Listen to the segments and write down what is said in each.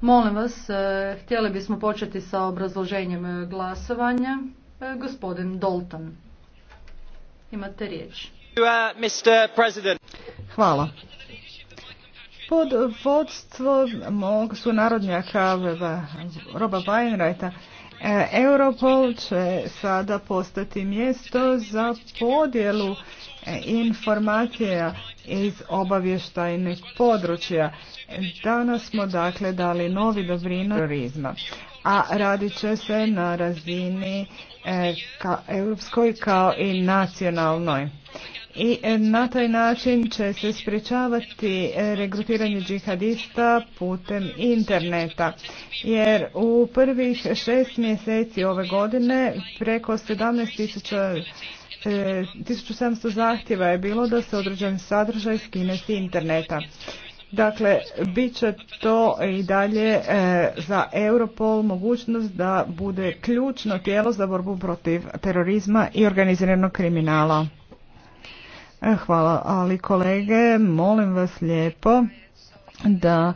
Molim vas, e, htjeli bismo početi sa obrazloženjem e, glasovanja. E, gospodin Dalton, imate riječ. Hvala. Pod vodstvom mog sunarodnjaka Roba Weinreita, Europol će sada postati mjesto za podjelu informacija iz obavještajnih područja. Danas smo dakle dali novi dobrinu turizma, a radit će se na razini e, ka, europskoj kao i nacionalnoj. I e, na taj način će se sprječavati e, regrutiranje džihadista putem interneta, jer u prvih šest mjeseci ove godine preko 17.000 1700 e, zahtjeva je bilo da se određen sadržaj skine s interneta. Dakle, bit će to i dalje e, za Europol mogućnost da bude ključno tijelo za borbu protiv terorizma i organiziranog kriminala. E, hvala, ali kolege, molim vas lijepo da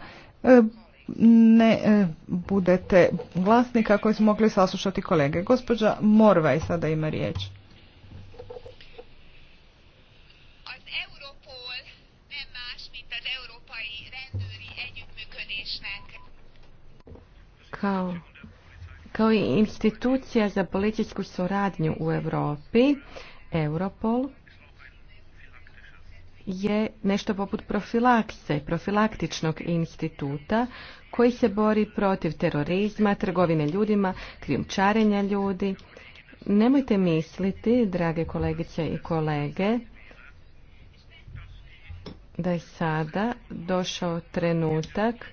ne budete glasni kako smo mogli saslušati kolege. Gospođa Morvaj sada ima riječ. kao i institucija za političku suradnju u Europi, Europol, je nešto poput profilakse, profilaktičnog instituta koji se bori protiv terorizma, trgovine ljudima, krijumčarenja ljudi. Nemojte misliti, drage kolegice i kolege, da je sada došao trenutak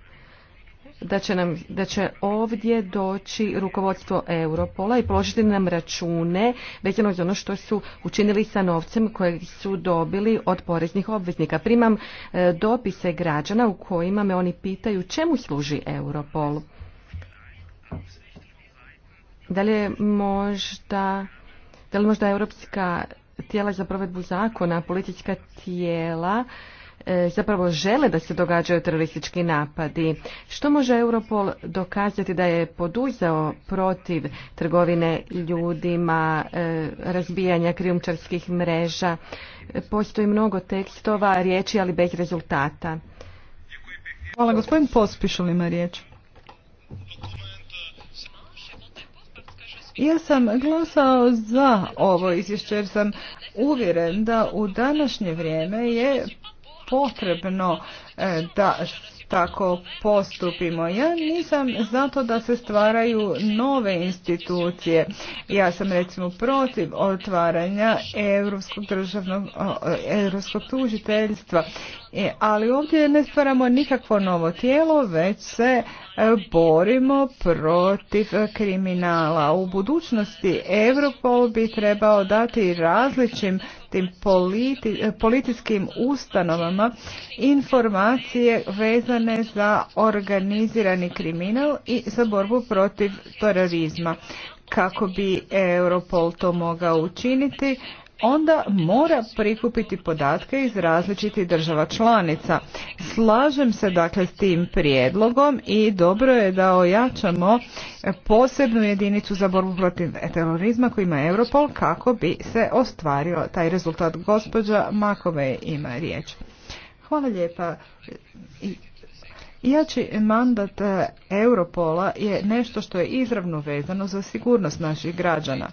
da će, nam, da će ovdje doći rukovodstvo Europola i položiti nam račune vezano za ono što su učinili sa novcem kojeg su dobili od poreznih obveznika. Primam e, dopise građana u kojima me oni pitaju čemu služi Europol. Da li možda, da li možda europska tijela za provedbu zakona, politička tijela E, zapravo žele da se događaju teroristički napadi. Što može Europol dokazati da je poduzeo protiv trgovine ljudima, e, razbijanja krijumčarskih mreža? Postoji mnogo tekstova, riječi, ali bez rezultata. Hvala, gospodin li ima riječ. Ja sam glasao za ovo izvješće jer sam uvjeren da u današnje vrijeme je potrebno e, da tako postupimo. Ja nisam zato da se stvaraju nove institucije. Ja sam recimo protiv otvaranja Europskog državnog e, Europskog tužiteljstva E, ali ovdje ne stvaramo nikakvo novo tijelo, već se e, borimo protiv kriminala. U budućnosti Europol bi trebao dati različitim tim ustanovama informacije vezane za organizirani kriminal i za borbu protiv terorizma. Kako bi Europol to mogao učiniti, onda mora prikupiti podatke iz različitih država članica. Slažem se dakle s tim prijedlogom i dobro je da ojačamo posebnu jedinicu za borbu protiv terorizma koji ima Europol kako bi se ostvario taj rezultat. Gospođa Makove ima riječ. Hvala lijepa. Jači mandat Europola je nešto što je izravno vezano za sigurnost naših građana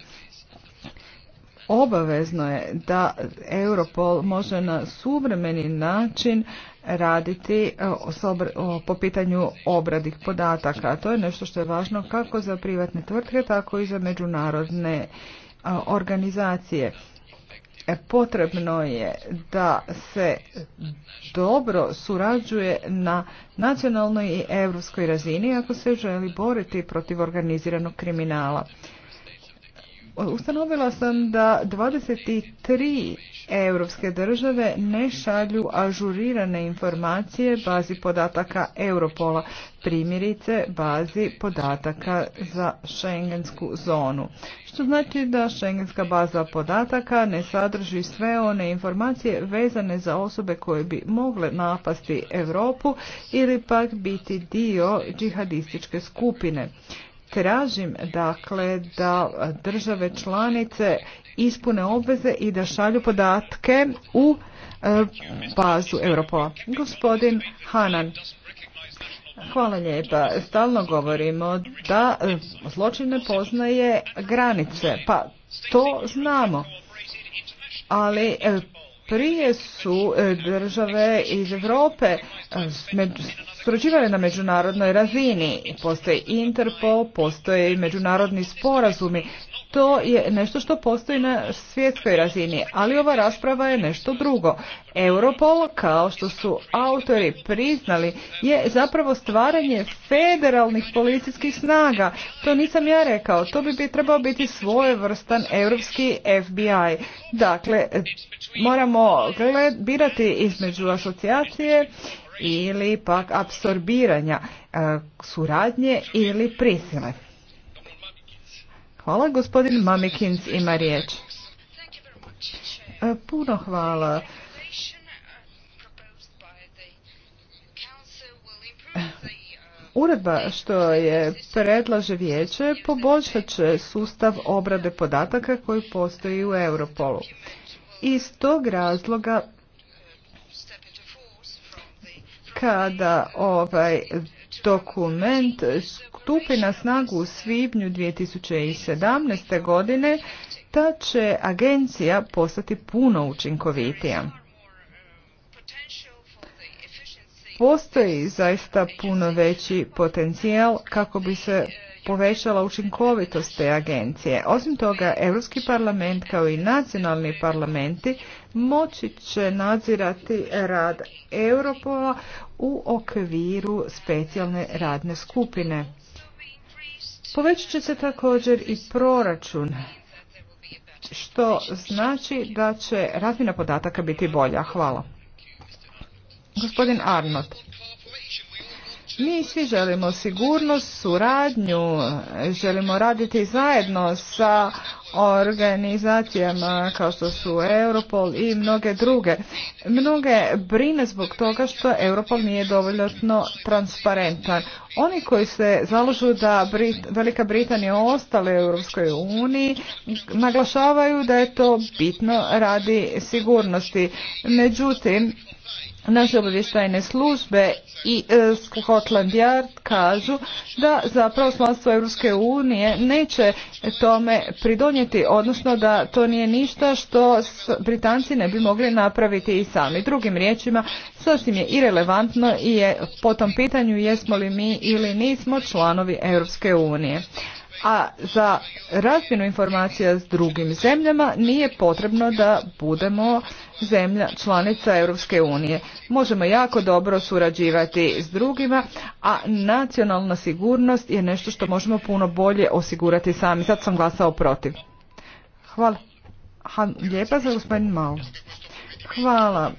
obavezno je da Europol može na suvremeni način raditi e, po pitanju obradih podataka. To je nešto što je važno kako za privatne tvrtke, tako i za međunarodne e, organizacije. E, potrebno je da se dobro surađuje na nacionalnoj i europskoj razini ako se želi boriti protiv organiziranog kriminala. Ustanovila sam da 23 europske države ne šalju ažurirane informacije bazi podataka Europola, primjerice bazi podataka za šengensku zonu. Što znači da šengenska baza podataka ne sadrži sve one informacije vezane za osobe koje bi mogle napasti Europu ili pak biti dio džihadističke skupine. Tražim dakle da države članice ispune obveze i da šalju podatke u e, bazu Europola. Gospodin Hanan. Hvala lijepa. Stalno govorimo da e, zločin ne poznaje granice. Pa to znamo. Ali e, prije su države iz Europe surađivali na međunarodnoj razini. Postoji Interpol, postoje i međunarodni sporazumi. To je nešto što postoji na svjetskoj razini, ali ova rasprava je nešto drugo. Europol, kao što su autori priznali, je zapravo stvaranje federalnih policijskih snaga. To nisam ja rekao, to bi, bi trebao biti svojevrstan europski FBI. Dakle, moramo gled, birati između asocijacije ili pak apsorbiranja e, suradnje ili prisile. Hvala, gospodin Mamikins ima riječ. E, puno hvala. Uredba što je predlaže vijeće poboljšat će sustav obrade podataka koji postoji u Europolu. Iz tog razloga kada ovaj dokument stupi na snagu u svibnju 2017. godine, ta će agencija postati puno učinkovitija. Postoji zaista puno veći potencijal kako bi se povećala učinkovitost te agencije. Osim toga, Europski parlament kao i nacionalni parlamenti moći će nadzirati rad Europola u okviru specijalne radne skupine. Povećat će se također i proračun, što znači da će razmjena podataka biti bolja. Hvala. Gospodin Arnott. Mi svi želimo sigurnost, suradnju, želimo raditi zajedno sa organizacijama kao što su Europol i mnoge druge. Mnoge brine zbog toga što Europol nije dovoljno transparentan. Oni koji se zalažu da Brit, Velika Britanija ostale u Europskoj uniji naglašavaju da je to bitno radi sigurnosti. Međutim, naše obavještajne službe i e, Scotland Yard kažu da zapravo članstvo Europske unije neće tome pridonijeti, odnosno da to nije ništa što Britanci ne bi mogli napraviti i sami. Drugim riječima, sasvim je irelevantno i je po tom pitanju jesmo li mi ili nismo članovi Europske unije a za razmjenu informacija s drugim zemljama nije potrebno da budemo zemlja članica Europske unije. Možemo jako dobro surađivati s drugima, a nacionalna sigurnost je nešto što možemo puno bolje osigurati sami. Zato sam glasao protiv. Hvala. Ha, lijepa za gospodin Malo. Hvala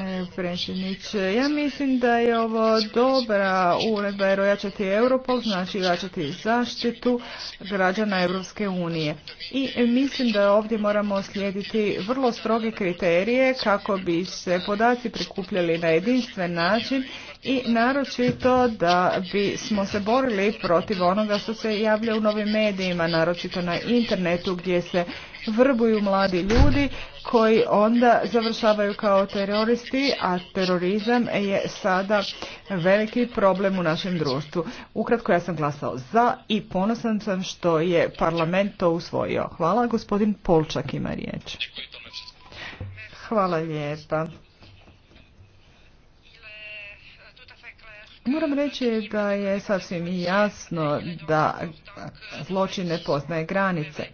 E, predsjedniče. Ja mislim da je ovo dobra uredba jer ojačati Europol znači ojačati zaštitu građana Europske unije. I mislim da ovdje moramo slijediti vrlo stroge kriterije kako bi se podaci prikupljali na jedinstven način i naročito da bi smo se borili protiv onoga što se javlja u novim medijima, naročito na internetu gdje se vrbuju mladi ljudi koji onda završavaju kao teroristi, a terorizam je sada veliki problem u našem društvu. Ukratko ja sam glasao za i ponosan sam što je parlament to usvojio. Hvala, gospodin Polčak ima riječ. Hvala lijepa. Moram reći da je sasvim jasno da zločin ne poznaje granice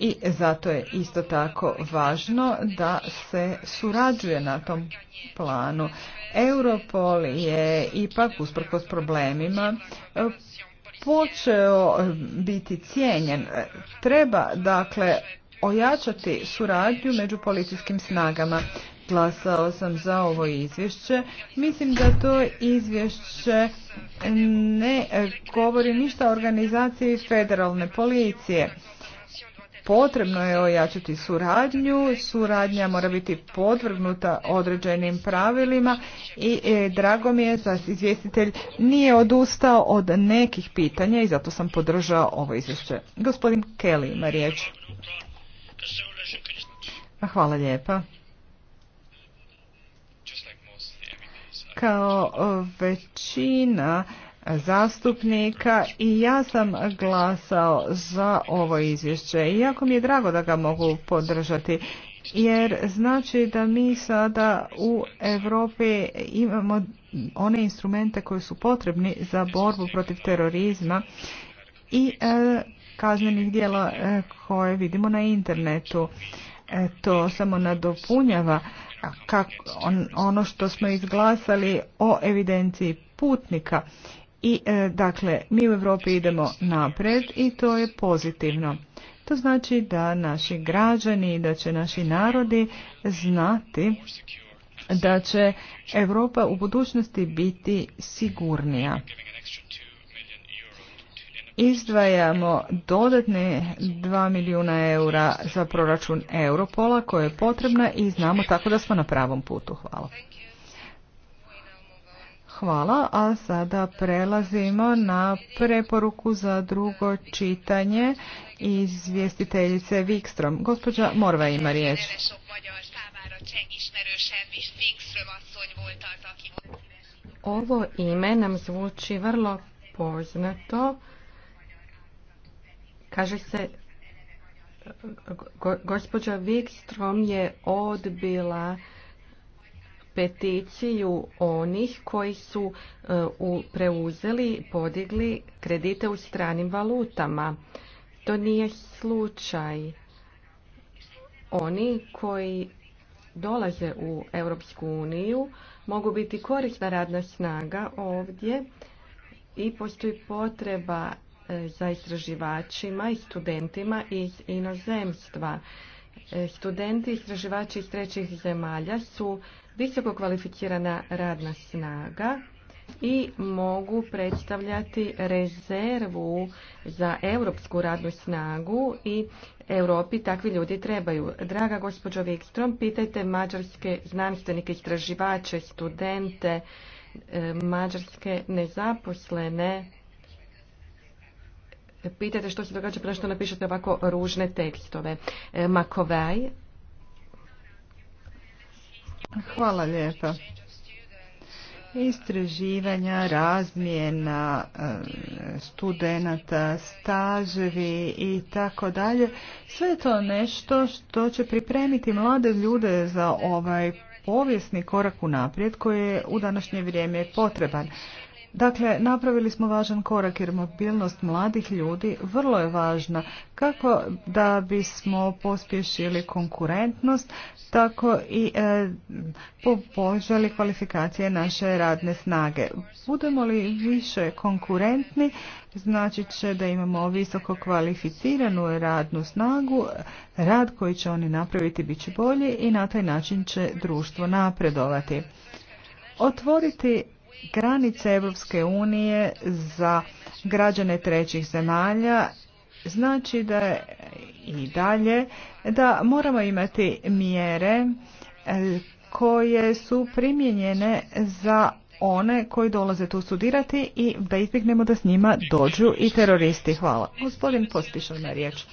i zato je isto tako važno da se surađuje na tom planu. Europol je ipak usprkos problemima počeo biti cijenjen. Treba dakle ojačati suradnju među policijskim snagama. Glasao sam za ovo izvješće. Mislim da to izvješće ne govori ništa o organizaciji federalne policije potrebno je ojačati suradnju, suradnja mora biti podvrgnuta određenim pravilima i e, drago mi je da izvjestitelj nije odustao od nekih pitanja i zato sam podržao ovo izvješće. Gospodin Kelly ima riječ. Hvala lijepa. Kao e, većina zastupnika i ja sam glasao za ovo izvješće i jako mi je drago da ga mogu podržati jer znači da mi sada u Europi imamo one instrumente koji su potrebni za borbu protiv terorizma i e, kaznenih djela e, koje vidimo na internetu. E, to samo nadopunjava kako ono što smo izglasali o evidenciji putnika i e, dakle, mi u Europi idemo napred i to je pozitivno. To znači da naši građani i da će naši narodi znati da će Europa u budućnosti biti sigurnija. Izdvajamo dodatne 2 milijuna eura za proračun Europola koje je potrebna i znamo tako da smo na pravom putu. Hvala. Hvala, a sada prelazimo na preporuku za drugo čitanje izvjestiteljice Vikstrom. Gospođa Morva ima riječ. Ovo ime nam zvuči vrlo poznato. Kaže se gospođa Wikstrom je odbila peticiju onih koji su e, preuzeli, podigli kredite u stranim valutama. To nije slučaj. Oni koji dolaze u Europsku uniju mogu biti korisna radna snaga ovdje i postoji potreba e, za istraživačima i studentima iz inozemstva. E, studenti istraživači iz trećih zemalja su visoko kvalificirana radna snaga i mogu predstavljati rezervu za europsku radnu snagu i Europi takvi ljudi trebaju. Draga gospođo Vikstrom, pitajte mađarske znanstvenike, istraživače, studente, e, mađarske nezaposlene E, pitate što se događa prema što napišete ovako ružne tekstove. E, Makovaj. Hvala lijepa. Istraživanja, razmjena e, studenata, staževi i tako dalje. Sve to nešto što će pripremiti mlade ljude za ovaj povijesni korak u naprijed koji je u današnje vrijeme potreban. Dakle, napravili smo važan korak jer mobilnost mladih ljudi vrlo je važna kako da bismo pospješili konkurentnost, tako i e, poboljšali kvalifikacije naše radne snage. Budemo li više konkurentni, znači će da imamo visoko kvalificiranu radnu snagu, rad koji će oni napraviti bit će bolji i na taj način će društvo napredovati. Otvoriti granice Europske unije za građane trećih zemalja znači da i dalje da moramo imati mjere e, koje su primjenjene za one koji dolaze tu studirati i da izbjegnemo da s njima dođu i teroristi. Hvala. Gospodin Postišov na riječ.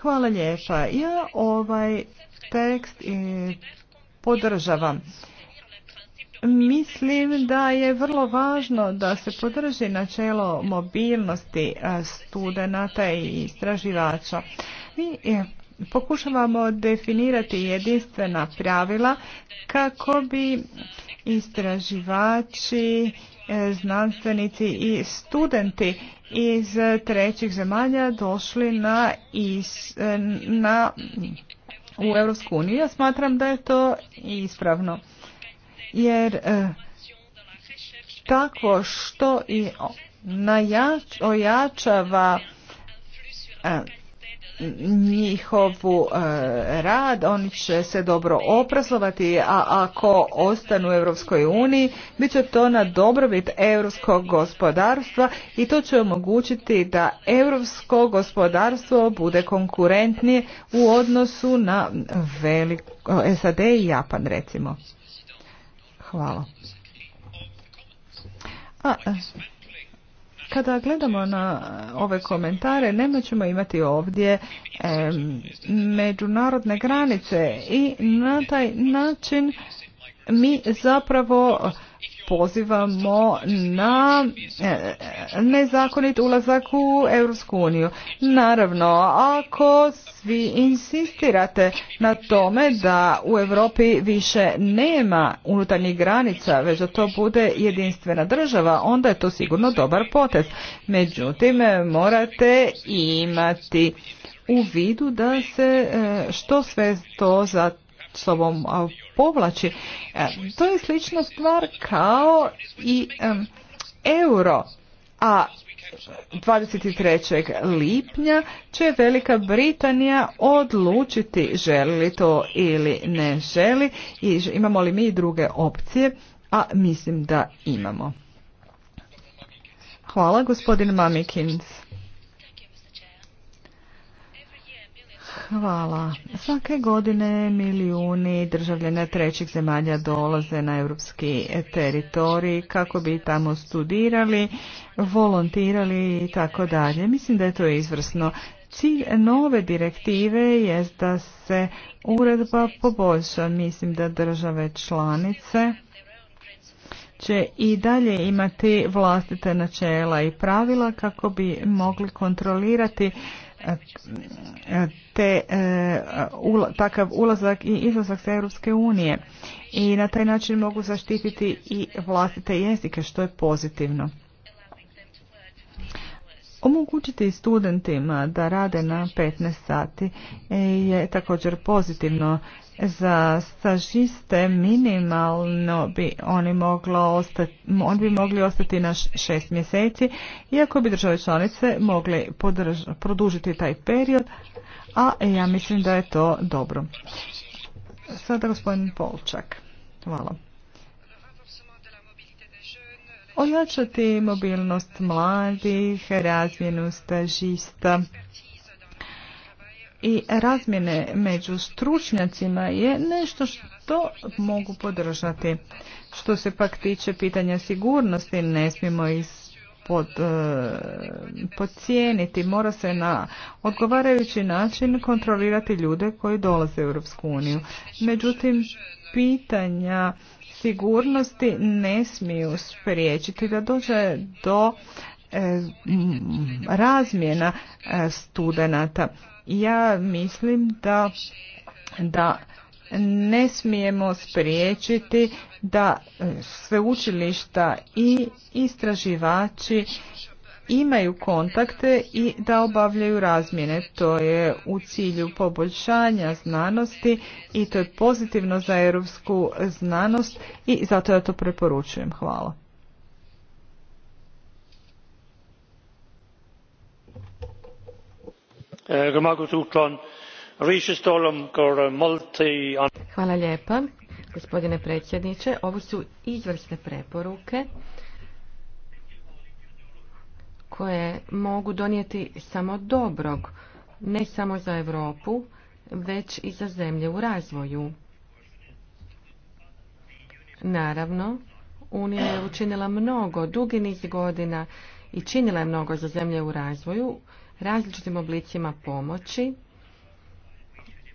Hvala lijepa. Ja ovaj tekst e, podržavam Mislim da je vrlo važno da se podrži načelo mobilnosti studenata i istraživača. Mi e, pokušavamo definirati jedinstvena pravila kako bi istraživači, e, znanstvenici i studenti iz trećih zemalja došli e, na, u Europsku uniju. Ja smatram da je to ispravno jer e, tako što i ojačava e, njihovu e, rad, oni će se dobro opraslovati, a ako ostanu u Europskoj uniji, bit će to na dobrobit europskog gospodarstva i to će omogućiti da europsko gospodarstvo bude konkurentnije u odnosu na SAD i Japan recimo. Hvala. A, e, kada gledamo na ove komentare, nema ćemo imati ovdje međunarodne granice i na taj način mi zapravo pozivamo na e, nezakonit ulazak u Europsku uniju. Naravno, ako svi insistirate na tome da u Europi više nema unutarnjih granica, već da to bude jedinstvena država, onda je to sigurno dobar potez. Međutim, morate imati u vidu da se e, što sve to za sobom povlači. E, to je slična stvar kao i euro, a 23. lipnja će Velika Britanija odlučiti želi li to ili ne želi i imamo li mi druge opcije, a mislim da imamo. Hvala gospodin Mamikins. Hvala. Svake godine milijuni državljana trećih zemalja dolaze na europski teritorij kako bi tamo studirali, volontirali i tako dalje. Mislim da je to izvrsno. Cilj nove direktive je da se uredba poboljša. Mislim da države članice će i dalje imati vlastite načela i pravila kako bi mogli kontrolirati te e, takav ulazak i izlazak sa Europske unije i na taj način mogu zaštititi i vlastite jezike što je pozitivno. Omogućiti studentima da rade na 15 sati je također pozitivno. Za stažiste minimalno bi oni moglo ostati, bi mogli ostati na šest mjeseci, iako bi države članice mogle produžiti taj period, a ja mislim da je to dobro. Sada gospodin Polčak. Hvala ojačati mobilnost mladih, razmjenu stažista i razmjene među stručnjacima je nešto što mogu podržati. Što se pak tiče pitanja sigurnosti, ne smijemo ispod, e, podcijeniti. Mora se na odgovarajući način kontrolirati ljude koji dolaze u Europsku uniju. Međutim, pitanja sigurnosti ne smiju spriječiti da dođe do e, razmjena e, studenata. Ja mislim da, da ne smijemo spriječiti da e, sveučilišta i istraživači imaju kontakte i da obavljaju razmjene. To je u cilju poboljšanja znanosti i to je pozitivno za europsku znanost i zato ja to preporučujem. Hvala. Hvala lijepa, gospodine predsjedniče. Ovo su izvrsne preporuke koje mogu donijeti samo dobrog, ne samo za Europu, već i za zemlje u razvoju. Naravno, Unija je učinila mnogo, dugi niz godina i činila je mnogo za zemlje u razvoju, različitim oblicima pomoći,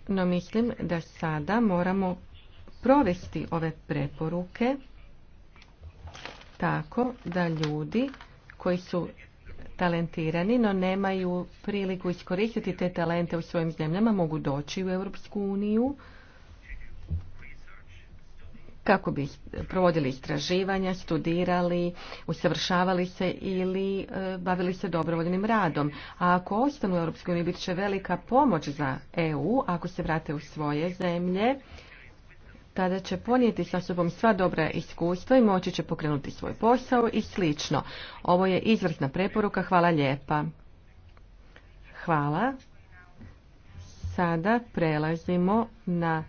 no mislim da sada moramo provesti ove preporuke tako da ljudi koji su talentirani, no nemaju priliku iskoristiti te talente u svojim zemljama, mogu doći u Europsku uniju kako bi provodili istraživanja, studirali, usavršavali se ili e, bavili se dobrovoljnim radom. A ako ostanu u EU bit će velika pomoć za EU ako se vrate u svoje zemlje tada će ponijeti sa sobom sva dobra iskustva i moći će pokrenuti svoj posao i slično. Ovo je izvrsna preporuka, hvala lijepa. Hvala. Sada prelazimo na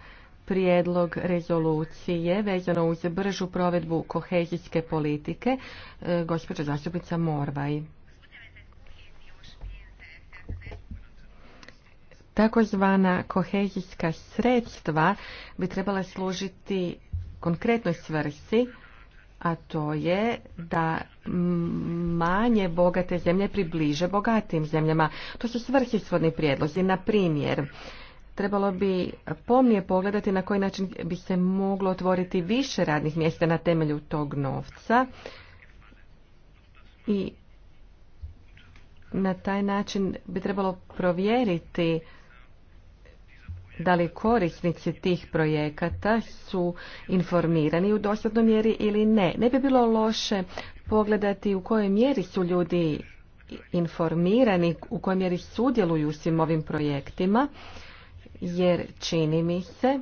prijedlog rezolucije vezano uz bržu provedbu kohezijske politike. E, gospođa zastupnica Morvaj. Takozvana kohezijska sredstva bi trebala služiti konkretnoj svrsi, a to je da manje bogate zemlje približe bogatim zemljama. To su svrsishodni prijedlozi. Na primjer, trebalo bi pomnije pogledati na koji način bi se moglo otvoriti više radnih mjesta na temelju tog novca i na taj način bi trebalo provjeriti da li korisnici tih projekata su informirani u dostatnoj mjeri ili ne. Ne bi bilo loše pogledati u kojoj mjeri su ljudi informirani, u kojoj mjeri sudjeluju u svim ovim projektima, jer čini mi se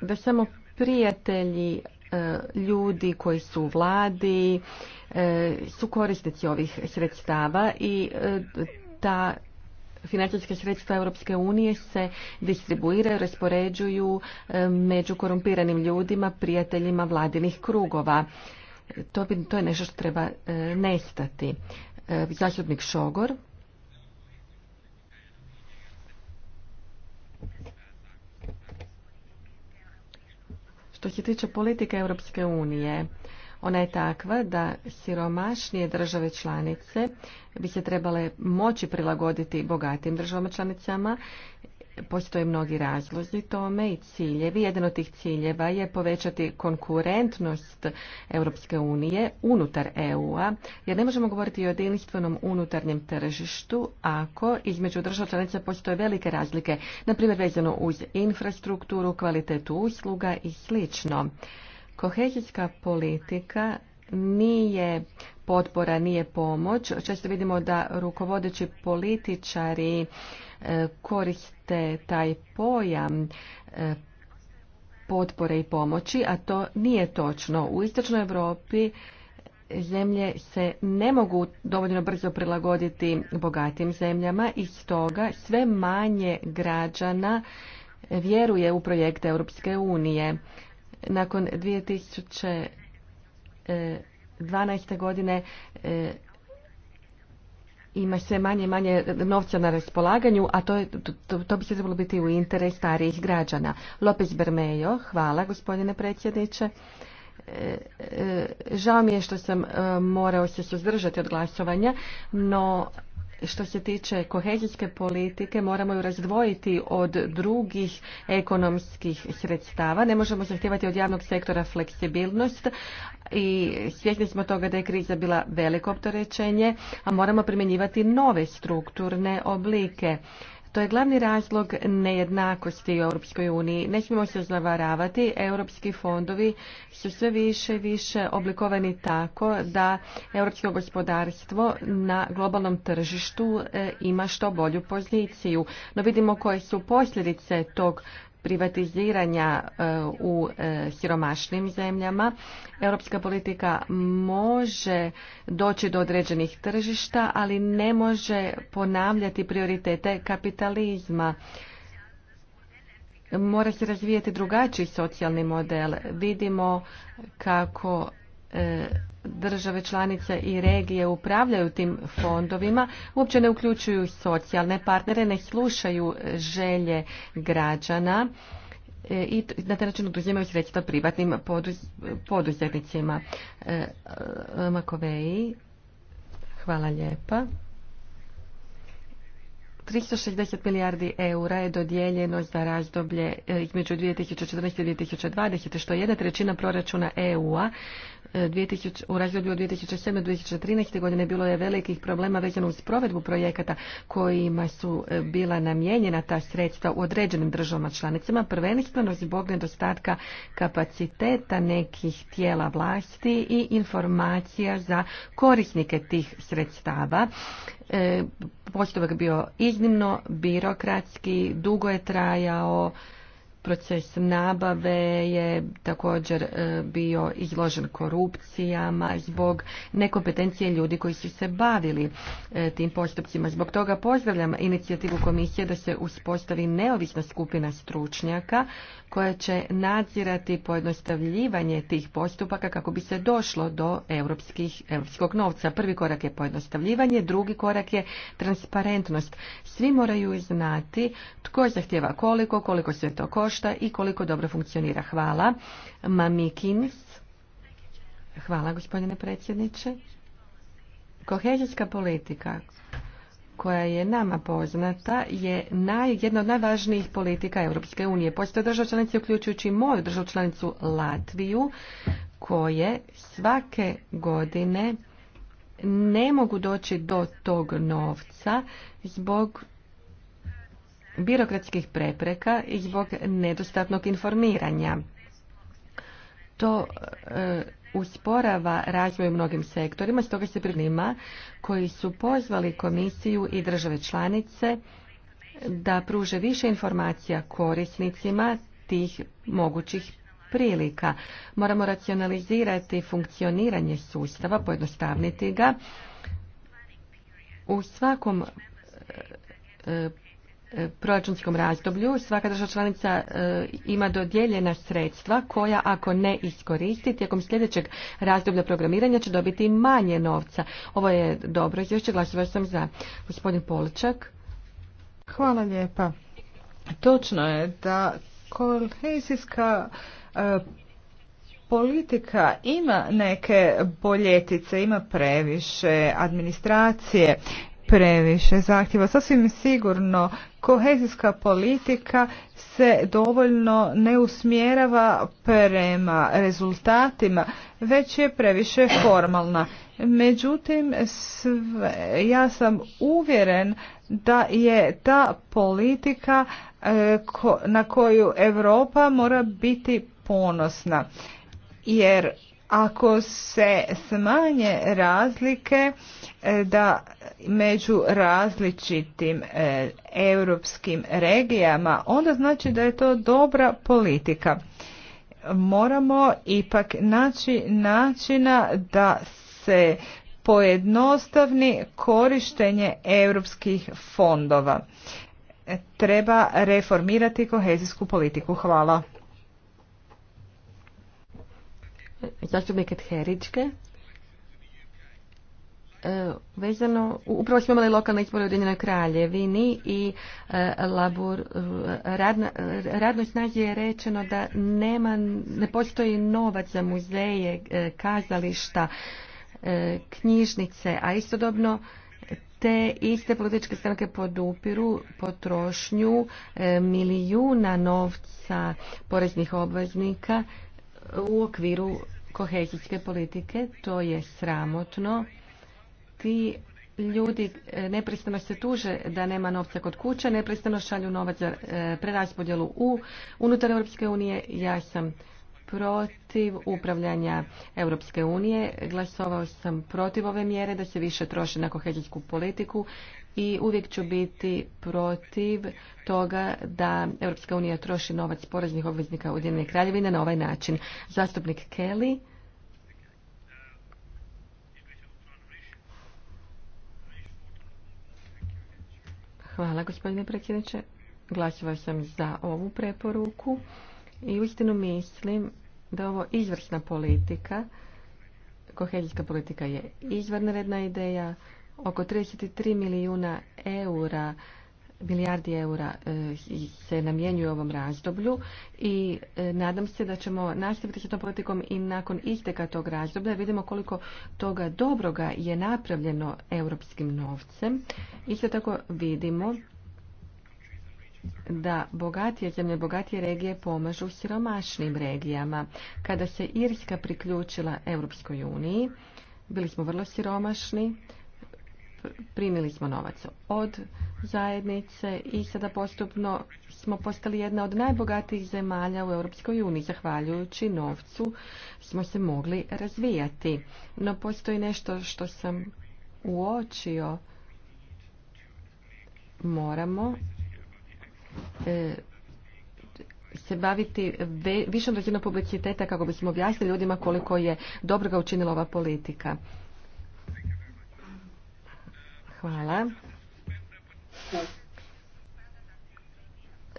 da samo prijatelji e, ljudi koji su u vladi e, su korisnici ovih sredstava i e, ta financijska sredstva Europske unije se distribuiraju, raspoređuju e, među korumpiranim ljudima, prijateljima vladinih krugova. To, bi, to je nešto što treba e, nestati. E, zastupnik Šogor. Što se tiče politike Europske unije, ona je takva da siromašnije države članice bi se trebale moći prilagoditi bogatim državama članicama. Postoje mnogi razlozi tome i ciljevi. Jedan od tih ciljeva je povećati konkurentnost Europske unije unutar EU-a, jer ne možemo govoriti o jedinstvenom unutarnjem tržištu ako između država članica postoje velike razlike, na primjer vezano uz infrastrukturu, kvalitetu usluga i slično. Kohezijska politika nije potpora, nije pomoć. Često vidimo da rukovodeći političari e, koriste taj pojam e, potpore i pomoći, a to nije točno. U istočnoj Europi zemlje se ne mogu dovoljno brzo prilagoditi bogatim zemljama i stoga sve manje građana vjeruje u projekte Europske unije. Nakon 2012. E, godine e, ima sve manje i manje novca na raspolaganju, a to, je, to, bi se trebalo biti u interes starijih građana. Lopez Bermejo, hvala gospodine predsjedniče. E, žao mi je što sam morao se suzdržati od glasovanja, no što se tiče kohezijske politike moramo ju razdvojiti od drugih ekonomskih sredstava. Ne možemo zahtijevati od javnog sektora fleksibilnost i svjesni smo toga da je kriza bila veliko opterećenje, a moramo primjenjivati nove strukturne oblike. To je glavni razlog nejednakosti u Europskoj uniji. Ne smijemo se zavaravati, europski fondovi su sve više i više oblikovani tako da europsko gospodarstvo na globalnom tržištu e, ima što bolju poziciju. No vidimo koje su posljedice tog privatiziranja e, u e, siromašnim zemljama. Europska politika može doći do određenih tržišta, ali ne može ponavljati prioritete kapitalizma. Mora se razvijati drugačiji socijalni model. Vidimo kako E, države članice i regije upravljaju tim fondovima, uopće ne uključuju socijalne partnere, ne slušaju želje građana e, i na taj način oduzimaju sredstva privatnim poduzetnicima. E, Makoveji, hvala lijepa. 360 milijardi eura je dodijeljeno za razdoblje između 2014. i 2020. što je jedna trećina proračuna EU-a u razdoblju od 2007. do 2013. godine bilo je velikih problema vezano uz provedbu projekata kojima su e, bila namijenjena ta sredstva u određenim državama članicama, prvenstveno zbog nedostatka kapaciteta nekih tijela vlasti i informacija za korisnike tih sredstava. E, postupak bio iznimno birokratski, dugo je trajao, Proces nabave je također e, bio izložen korupcijama zbog nekompetencije ljudi koji su se bavili e, tim postupcima. Zbog toga pozdravljam inicijativu komisije da se uspostavi neovisna skupina stručnjaka koja će nadzirati pojednostavljivanje tih postupaka kako bi se došlo do europskih, europskog novca. Prvi korak je pojednostavljivanje, drugi korak je transparentnost. Svi moraju znati tko zahtjeva koliko, koliko se to košta košta i koliko dobro funkcionira. Hvala. Mamikins. Hvala gospodine predsjedniče. Kohezijska politika koja je nama poznata je jedna od najvažnijih politika Europske unije. Postoje država članice, uključujući moju državu članicu Latviju, koje svake godine ne mogu doći do tog novca zbog birokratskih prepreka i zbog nedostatnog informiranja. To e, usporava razvoj u mnogim sektorima, stoga se prilima koji su pozvali komisiju i države članice da pruže više informacija korisnicima tih mogućih prilika. Moramo racionalizirati funkcioniranje sustava, pojednostavniti ga. U svakom e, proračunskom razdoblju svaka država članica e, ima dodijeljena sredstva koja ako ne iskoristi tijekom sljedećeg razdoblja programiranja će dobiti manje novca. Ovo je dobro izvješće, glasovao sam za gospodin Poličak. Hvala lijepa. Točno je da kohezijska e, politika ima neke boljetice, ima previše administracije, previše zahtjeva. Sasvim sigurno kohezijska politika se dovoljno ne usmjerava prema rezultatima, već je previše formalna. Međutim, ja sam uvjeren da je ta politika e, na koju Europa mora biti ponosna. Jer ako se smanje razlike e, da među različitim e, europskim regijama, onda znači da je to dobra politika. Moramo ipak naći načina da se pojednostavni korištenje europskih fondova. Treba reformirati kohezijsku politiku. Hvala. ...zastupnike Theričke. E, vezano, upravo smo imali lokalne izbore u Ujedinjenoj Kraljevini i e, e, radnoj snazi je rečeno da nema, ne postoji novac za muzeje, kazališta, knjižnice, a istodobno te iste političke stranke podupiru potrošnju milijuna novca poreznih obveznika u okviru kohezijske politike. To je sramotno. Ti ljudi e, neprestano se tuže da nema novca kod kuće, neprestano šalju novac za e, preraspodjelu u unutar Europske unije. Ja sam protiv upravljanja Europske unije. Glasovao sam protiv ove mjere da se više troši na kohezijsku politiku i uvijek ću biti protiv toga da Europska unija troši novac poreznih obveznika Ujedinjene kraljevine na ovaj način. Zastupnik Kelly. Hvala gospodine predsjedniče. Glasovao sam za ovu preporuku i uistinu mislim da ovo izvrsna politika. Kohezijska politika je izvanredna ideja Oko 33 milijuna eura milijardi eura e, se namjenjuju ovom razdoblju i e, nadam se da ćemo nastaviti sa tom politikom i nakon isteka tog razdoblja vidimo koliko toga dobroga je napravljeno europskim novcem. Isto tako vidimo da bogatije zemlje, bogatije regije pomažu siromašnim regijama. Kada se Irska priključila Europskoj uniji, bili smo vrlo siromašni, primili smo novac od zajednice i sada postupno smo postali jedna od najbogatijih zemalja u Europskoj uniji. Zahvaljujući novcu smo se mogli razvijati. No postoji nešto što sam uočio. Moramo e, se baviti višom razinom publiciteta kako bismo objasnili ljudima koliko je dobroga učinila ova politika. Hvala.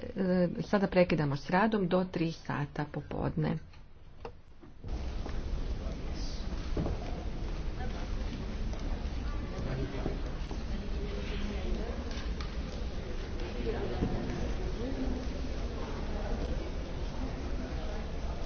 E, sada prekidamo s radom do 3 sata popodne.